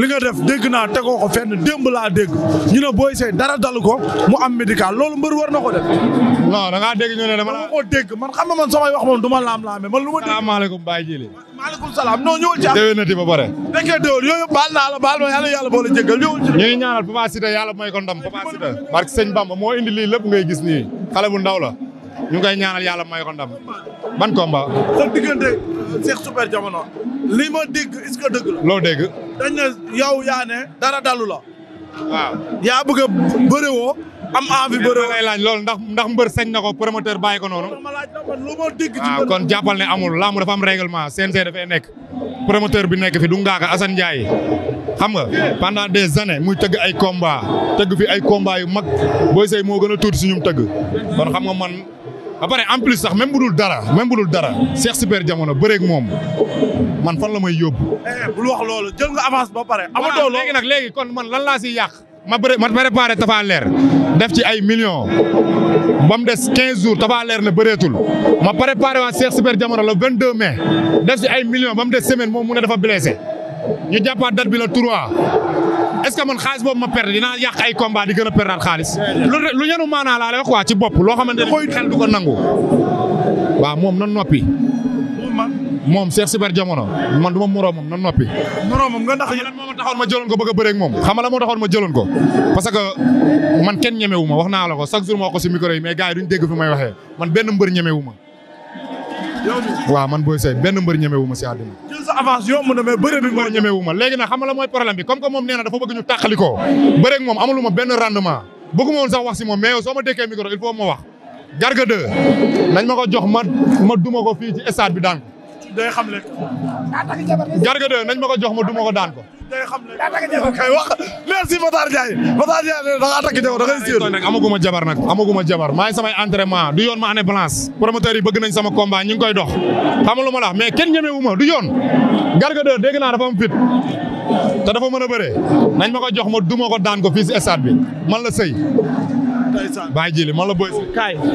li nga def dégg naa tegoo ko démb laa dégg ñu ne Boy Seye dara dal ko mu am médical loolu mbar war na ko def. non da ngaa dégg ñu ne dama la ko dégg man xam nga man samay wax moom du ma laam laame man lu ma dégg. salaamaaleykum Baye Jili. maaleykum salaam non ñëwal ci am. déwénati ba pare. fekkee déwén yooyu baal naa la baal ma yàlla yàlla boole jéggal ñëwal ci. ñu ngi ñaanal Papa Siteu yàlla may ko dam Papa Siteu. barke Sëñ Bamba moo indi lii lépp ngay gis nii xale bu ndaw la ñu ngi koy ñaanal yàlla may ko ndam. ban combat. sa diggante li ma dégg loo dégg. dañ ne yow yaa ne dara dalu la. waaw yaa bëgg a am envie bëriwoo mais laaj loolu ndax ndax mbër sañ na ko promoteur bàyyi ko noonu. waaw kon jàppal ne amul làmb dafa am règlement CNG dafay nekk. promoteur bi nekk fi du ngaaka Assane Ndiaye xam nga pendant des années muy tëgg ay combat tëgg fi ay combat yu mag booy sey moo gën a tuuti si ñum tëgg kon xam nga man. ba pare en plus sax même bu dul dara même bu dul dara Cheikh Super Diamono bëreek moom man fan la may yóbbu. Eh, bul wax loolu jël nga avance ba pare. amatoo loolu léegi nag léegi kon man lan laa si yàq. ma bëre ma préparé Tapha Leer def ci ay millions ba mu des 15 jours Tapha Leer ne bëreetul ma préparé waa Cheikh Super Diamono le 22 mai def ci ay millions ba mu des semaine moom mu ne dafa blessé. ñu jàppaat date bi la 3 est que man xaalis boobu ma perdre dinaa yàq ay combat di gën a perdaat xaalis. lu lu ñenu maanaa laa lay wax waa ci bopp loo xamante ne xel du ko nangu. waa moom na noppi. moom Cheikh Super Diamono man du ma moroomam na noppi. moroomam nga ndax lan moo ma taxoon ma jëloon ko bëgg a bëreeg moom xam nga la moo taxoon ma jëloon ko. parce que man kenn ñemewu ma wax naa la ko chaque jour ma wax si micro yi mais gars duñ dégg fi may waxee man benn mbër ñemewu ma. waaw man booy Seye benn mbër ñemewu ma si àddina. jël sa avance yomb bi mbër ñemewu ma léegi nag xam nga la mooy problème bi comme que moom nee na dafa bëgg ñu tàqalikoo bëre ak moom amalu ma benn rendement bëgguma woon sax wax si moom mais yow soo ma dékkee micro il faut ma wax Garga 2 nañ ma ko jox ma ma duma ko fii ci stade bi daan ko xam le Garga 2 nañ ma ko jox ma duma ko daan ko day xam ne daa takk jabar kay wax merci Matar da ngaa takk jabar da ngay siiw nag amaguma jabar nag amaguma jabar maa ngi samay du yoon ma année blanche promoteur yi bëgg nañ sama combat ñu ngi koy dox xam lu ma la mais kenn ñemewu ma du yoon Garga 2 dégg naa dafa am fit te dafa mën a bëre nañ ma ko jox ma duma ko daan ko fii si stade bi man la say baay jili man la boy